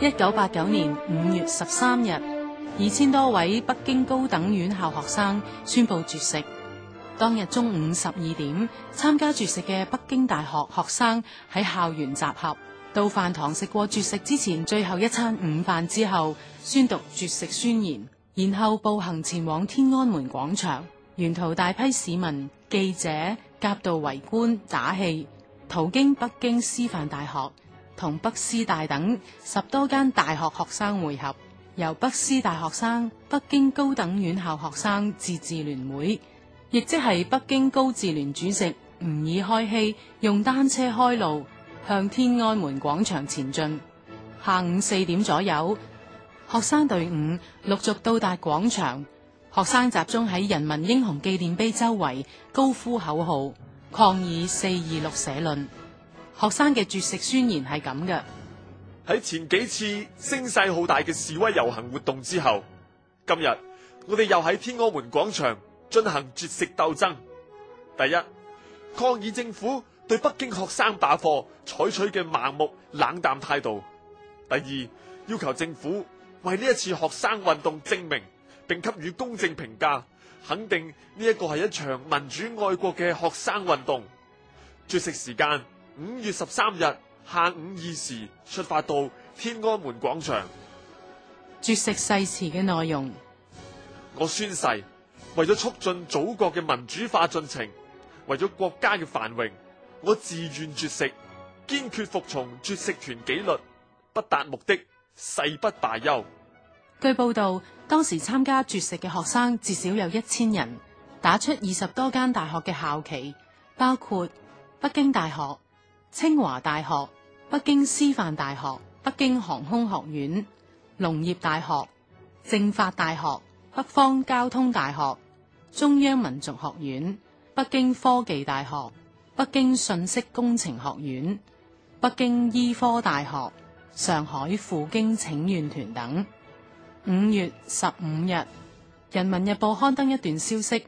一九八九年五月十三日，二千多位北京高等院校學生宣布絕食。當日中午十二點，參加絕食嘅北京大學學生喺校園集合，到飯堂食過絕食之前最後一餐午飯之後，宣讀絕食宣言，然後步行前往天安門廣場。沿途大批市民、記者夾道圍觀打氣，途經北京師範大學。同北師大等十多間大學學生會合，由北師大學生、北京高等院校學生自治聯會，亦即係北京高自聯主席吾爾開希用單車開路，向天安門廣場前進。下午四點左右，學生隊伍陸陸續到達廣場，學生集中喺人民英雄紀念碑周圍，高呼口號，抗議四二六社論。學生嘅絕食宣言係咁嘅，喺前幾次聲勢浩大嘅示威遊行活動之後，今日我哋又喺天安門廣場進行絕食鬥爭。第一，抗議政府對北京學生罷課採取嘅盲目冷淡態度；第二，要求政府為呢一次學生運動證明，並給予公正評價，肯定呢一個係一場民主愛國嘅學生運動。絕食時間。五月十三日下午二時出發到天安門廣場絕食。誓詞嘅內容：我宣誓，為咗促進祖國嘅民主化進程，為咗國家嘅繁榮，我自願絕食，堅決服從絕食團紀律，不達目的，誓不罷休。據報道，當時參加絕食嘅學生至少有一千人，打出二十多間大學嘅校旗，包括北京大學。清華大學、北京師範大學、北京航空學院、農業大學、政法大學、北方交通大學、中央民族學院、北京科技大學、北京信息工程學院、北京醫科大學、上海赴京請願團等。五月十五日，《人民日報》刊登一段消息，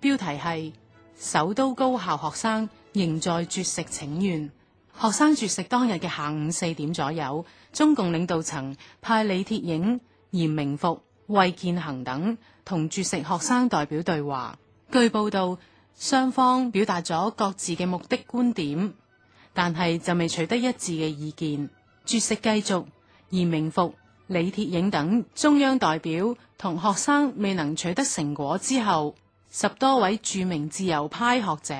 標題係：首都高校學生仍在絕食請願。學生絕食當日嘅下午四點左右，中共領導層派李鐵映、閻明復、尉健行等同絕食學生代表對話。據報道，雙方表達咗各自嘅目的觀點，但係就未取得一致嘅意見。絕食繼續，閻明復、李鐵映等中央代表同學生未能取得成果之後，十多位著名自由派學者，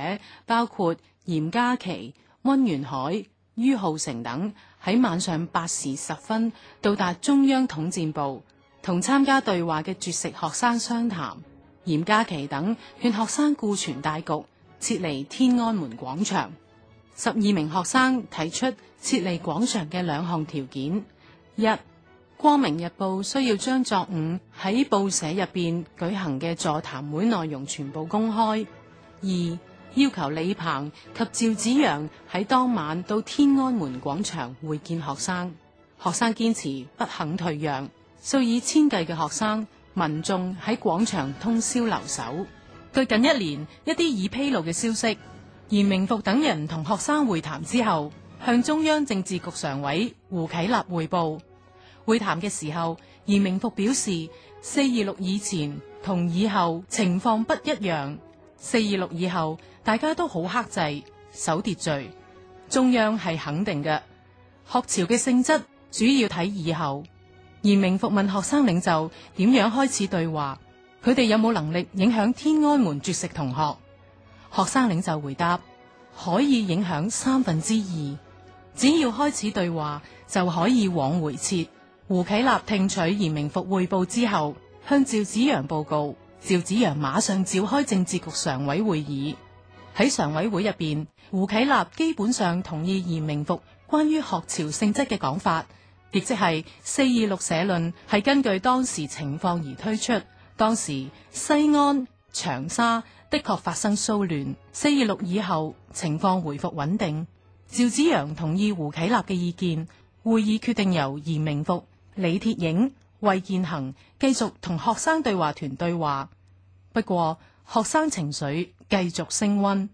包括嚴家其。溫元凱、于浩成等喺晚上八時十分到達中央統戰部，同參加對話嘅絕食學生商談。嚴家琪等勸學生顧全大局，撤離天安門廣場。十二名學生提出撤離廣場嘅兩項條件：一，《光明日報》需要將昨午喺報社入邊舉行嘅座談會內容全部公開；二。要求李鵬及趙紫陽喺當晚到天安門廣場會見學生，學生堅持不肯退讓，數以千計嘅學生民眾喺廣場通宵留守。最近一年一啲已披露嘅消息，嚴明復等人同學生會談之後，向中央政治局常委胡啟立匯報。會談嘅時候，嚴明復表示：四二六以前同以後情況不一樣。四二六以後，大家都好克制，守秩序。中央係肯定嘅，學潮嘅性質主要睇以後。閻明復問學生領袖點樣開始對話，佢哋有冇能力影響天安門絕食同學？學生領袖回答：可以影響三分之二，只要開始對話就可以往回撤。胡啟立聽取閻明復匯報之後，向趙紫陽報告。趙紫陽馬上召開政治局常委會議，喺常委會入邊，胡啟立基本上同意嚴明復關於學潮性質嘅講法，亦即係四二六社論係根據當時情況而推出。當時西安、長沙的確發生騷亂，四二六以後情況回復穩定。趙紫陽同意胡啟立嘅意見，會議決定由嚴明復、李鐵映。魏建行繼續同學生對話團對話，不過學生情緒繼，繼續升溫。